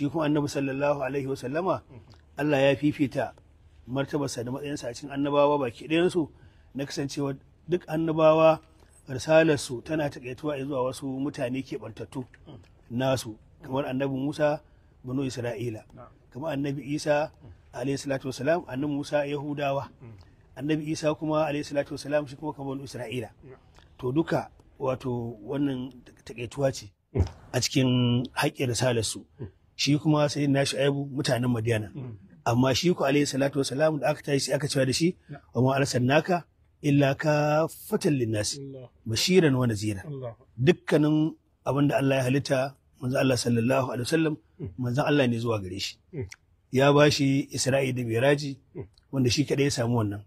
shi kuma annabi sallallahu alaihi wasallama Allah ya fifita martabarsa da matsayinsa a cikin annabawa baki ɗayansu na kasancewa duk annabawa risalarsu tana taƙaituwa zuwa wasu mutane keɓantattu nasu kamar annabi musa banu isra'ila kamar annabi isa alayhi salatu wasalam annabi musa yahudawa annabi isa kuma alayhi salatu wasalam shi kuma kamar isra'ila to duka wato wannan taƙaituwa ce a cikin haƙƙin risalarsu shi kuma sai na shu'aibu mutanen madiyana amma shi ku alaihi salatu wa salam da aka tashi aka cewa da shi wa ma arsalnaka illa ka fatan linnasi bashiran wa nazira dukkanin abin Allah ya halitta manzo Allah sallallahu alaihi wasallam mm. manzo Allah ne zuwa gare shi mm. ya bashi Isra'i da Miraji mm. wanda shi kadai ya samu wannan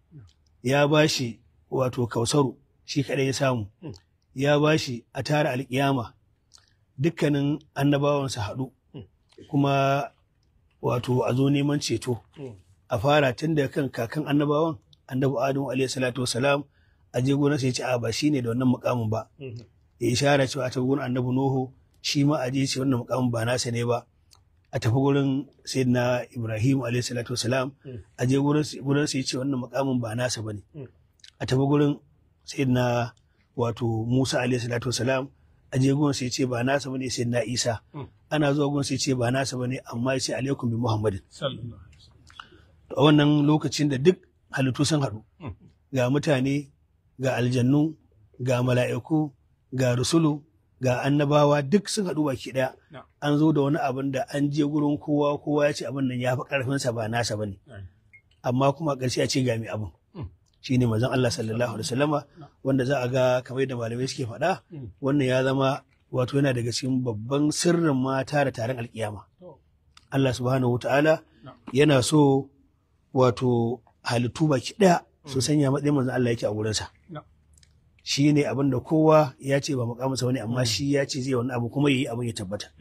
ya bashi wato Kausaru shi kadai ya samu ya bashi a tara alkiyama dukkanin annabawansa haɗu kuma wato a zo neman ceto a fara tun da kan kakan annabawan annabu adamu alaihi salatu wasalam a je gonar sai ya ce a ba shine da wannan mukamin ba ya ishara cewa a tafi gurin annabi nuhu shi ma a je ce wannan mukamin ba nasa ne ba a tafi gurin sayyidina ibrahim alaihi salatu wasalam a je gurin sai ya ce wannan mukamin ba nasa bane a tafi gurin sayyidina wato musa alaihi salatu wasalam a je gun sai ce ba nasa bane sai na Isa hmm. ana zuwa gun sai ce ba nasa bane amma sai alaikum bi Muhammadin a wannan lokacin da duk halittu sun haɗu hmm. ga mutane ga aljannu ga mala'iku ga rusulu ga annabawa duk sun haɗu baki ɗaya an zo da wani abin da an je gurin kowa kowa ya ce abin nan ya fi ƙarfinsa ba nasa bane amma kuma ƙarshe a ce ga mai abin Shi ne manzon Allah sallallahu alaihi wasallama wanda za a ga kamar da malamai suke faɗa wannan ya zama wato yana daga cikin babban sirrin mata da taron alkiyama Allah subhanahu ta'ala yana so wato halittu baki ɗaya su sanya matsayin manzon Allah yake a wurinsa. shi ne abin da kowa ya ce ba mukamusa wani amma shi ya ce zai wani abu kuma yi abin ya tabbata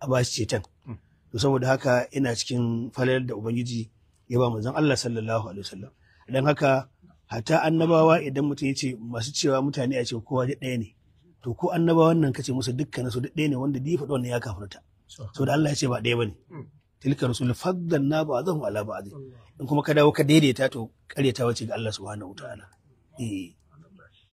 a ba shi ceton to saboda haka ina cikin falalar da ubangiji ya ba manzon Allah sallallahu alaihi wasallam dan haka Hata annabawa idan mutum ya ce masu cewa mutane a ce kowa da ɗaya ne to ko annabawan nan kace musu dukkan su ɗaya ne wanda difa faɗo wannan ya kafirta so da Allah ya ce ba ɗaya bane hmm. tilka rusul faddalna ba'dhum ala ba'd in kuma ka dawo ka daidaita to ta wace ga Allah subhanahu wataala eh